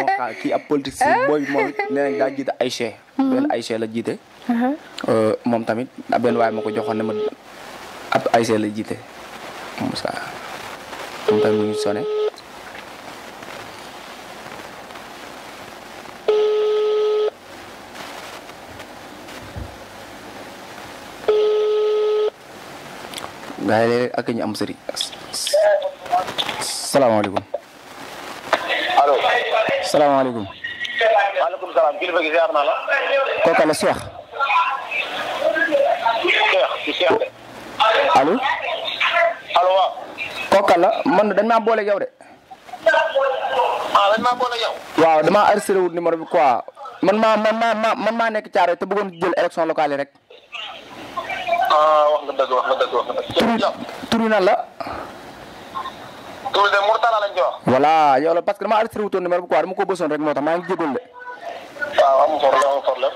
avocat kii ab politicien booy moom nee nañ daa jiite Aïcha. la jiite. Euh, moom tamit benn waay ma ko joxoon ne ma ab la jiite moom ça moom tamit mu ngi sonné. gaa yi léeg-léeg ak ñu am allo. salaamaaleykum. maaleykum salaam kilifa gi ziar naa la. kooku la Cheikh. Cheikh Cheikh de. allo. allo waaw. kooku la man dañ maa boole yow de. ah dañ maa boole yow. waaw damaa arrêté wut numéro bi quoi man maa man maa man maa nekk Thiaré te bëggoon jël élection locale yi rek. ah wax nga dëgg wax nga dëgg wax nga dëgg. tur tur nan la. tur de Mourtala lañ ci wax. voilà yow la parce que dama arrêté wutoon numéro bi quoi dama ko bësoon rek moo tax maa ngi jégalu de. waaw amul problème amul problème.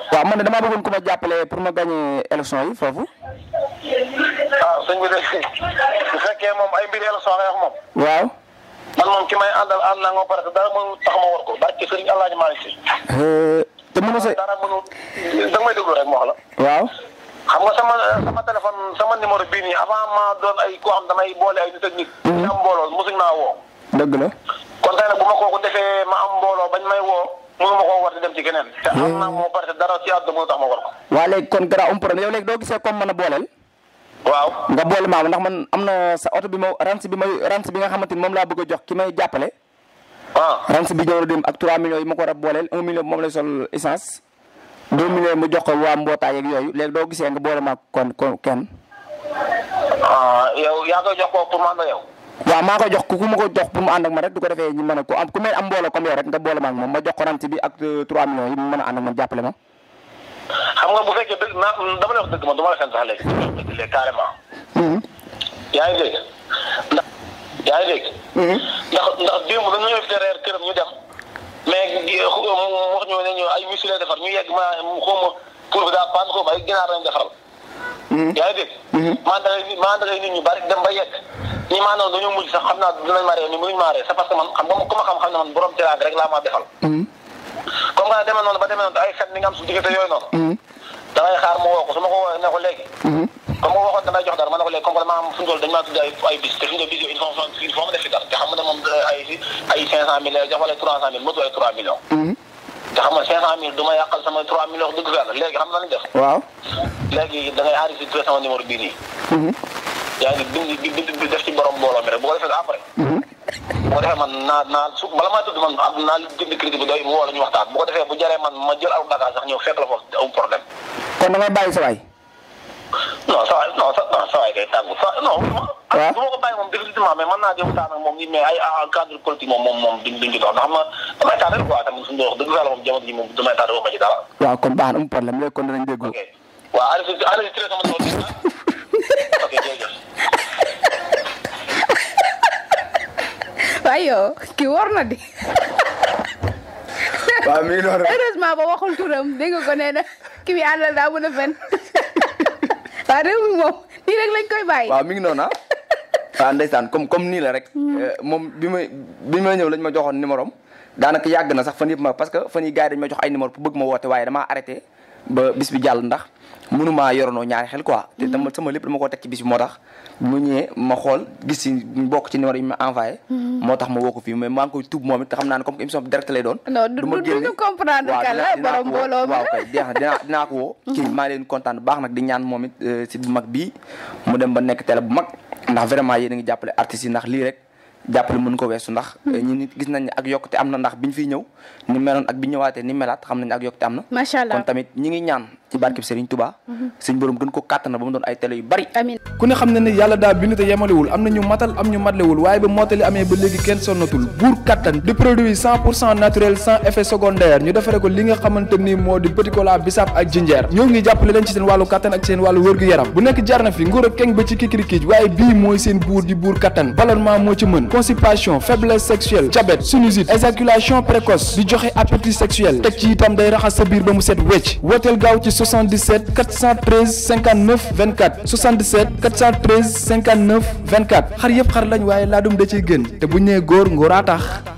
waaw pour ma gagné élection yi foofu. waaw ah, sëñ bi de bu fekkee moom ay mbir élection nga wax moom. waaw. man moom ki may àndal ànd naa nga pare te dara mënul tax ma war ko barke sëriñ Alaaji Maalik eh, te mënul sa dara mënul da nga may déglu rek ma wax la. waaw. xam nga sama sama téléphone sama numéro bii nii avant ma doon ay koo xam damay boole ay nit ak mhm. woo. dëgg la. kon tey nag bu ma kooku defee ma am mbooloo bañ may woo mënu ma koo war di dem ci keneen. te am naa moo pare dara ci àdduna tax ma war ko. waa léegi kon gara am problème yow léegi doo gisee comme a booleel. waaw nga boole maam ndax man am na sa oto bi ma rance bi ma rance bi nga xamante ni a ah. a doo gisee nga boole ma kon kon ah, yaa koy jox ko pour man la yow. waaw maa ko jox ku ma ko jox pour mu ànd ak ma rek du ko defee ñu mën a ko am ku mel am mbooloo comme yow rek nga boole ma ak moom ma jox ko rente bi ak 3 euh, millions yi mu mën a ànd ak ma jàppale ma. xam nga bu fekkee dëgg naa dama lay wax dëgg man du ma la fen sax léegi dëgg léegi carrément. Mm-hmm. yaa ngi dégg ndax yaa ngi dégg. Mm-hmm. ndax ndax démb dañu ñëw fi reer këram ñu dem mais euh, euh, wax ñu ne ñu ay misu lay defar ñu yegg ma xaw ma pour bi daa paan xaw ma ay ginaar lañ defaral. Mm-hmm. yaa ngi dégg. maa ngi dangay maa ngi dangay nit ñu bari dem ba yegg. ñi maa noonu dañoo mujj sax xam naa dinañ ma réew ni mënuñ maa réew c'est parce que man xam nga ku ma xam xam ne man borom tiraag rek laa maa defal mm-hmm. comme nga demee noonu ba demee noonu te ay fen ni nga am su diggante yooyu noonu mm-hmm. damay xaar mu woo ko su ma ko woowee ne ko léegi mm-hmm. comme nga waxoon damay jox dara ma ne ko léegi comme que dama am fu ñu toll dañu maa tudd ay ay bis te fu ñu bis il faut il faut ma def fi dara te xam nga ne moom ay ay cinq cent mille lay jox wala trois cent mille motu ay trois millions te xam nga cinq cent mille du ma yàqal sama trois millions dëgg fa yàlla léegi xam nga lañ def waaw léegi da ngay enregistré sama numéro bii nii yaa ngi bind di bind di def ci borom mbooloo mi rek bu ko defee après. Mhm. bu ko defee man naa naa su bala maa tudd man am naa jënd crédit bi doy mu woo la ñu waxtaan bu ko defee bu jaree man ma jël aw bagage sax ñëw fekk la foofu aw problème. kon da ngay bàyyi sa waay. non sa waay non sa non sa waay kay tàggu sa non. waaw bu ah, ma ko bàyyi moom définitivement mais mën naa di waxtaan ak moom nii mais ay en cadre politique moom moom moom duñ duñ ci dox ndax ma damay tardé quoi tamit suñu wax dëgg yàlla moom jamono ji moom damay tardé ba ma ci dara. waaw kon baax na amul problème léegi kon danañ déggoo. ok waaw enregistré enregistré sama ayo ki war na di. waaw mi ngi noonu ba waxul turam dégg nga ko nee na ki bi àndal daa mën a fen waaw réew mi waa nii ngi noonu ah. waaw ndeysaan comme comme nii la rek. Hmm. Eh, moom bi ma bi may ñëw lañ ma joxoon numéro am daanaka yàgg na sax fan yëpp ma parce que fan yi gars yi dañ ma jox ay numéro pour bëgg ma woote waaye damaa arrêté ba bis bi jàll ndax. mënumaa yorandoo ñaari xel quoi. xel mhm. dama sama lépp dama koo teg ci bis moo tax. mu ñëwee ma xool gis si bokk ci numéro yi ma envoyé. Mhm. moo tax ma woo ko fii mais maa ngi koy tuub moom it xam naa ne comme émission bi direct lay doon. du ma génne mhm. maa leen kontaan bu baax nag di ñaan moom it euh, si bu mag bii mu dem ba nekk télé bu mag ndax vraiment yéen a ngi jàppale artistes yi ndax lii rek. jàppale mën ko weesu ndax euh, ñi nit gis nañ ak yokkute am na ndax biñ fiy ñëw ni meloon ak bi ñëwaatee ni melaat xam nañ ak yokkute am na. kon tamit ñi ngi ñaan ci barkeb Serigne Touba. suñ borom gën ko kàttanal ba mu doon ay télé yu bari. amiin ku ne xam na ne yàlla daa bind te yemalewul am na ñu matal am ñu matlewul waaye ba mottali amee ba léegi kenn sonnatul buur kattan di produit naturel sans effet secondaire ñu defare ko li nga xamante ni moo di petit bisaab ak jinjeer ñoo ngi jàppale leen ci seen wàllu kattan ak seen wàllu wërgu yaram bu nekk jarna fi nguur ak keng ba ci kikirikiij waaye 77 413 59 24 77 413 59 24 xar yëpp xar lañ waaye laa laadum da ciy gën te bu ñu nee góor ngóoraa tax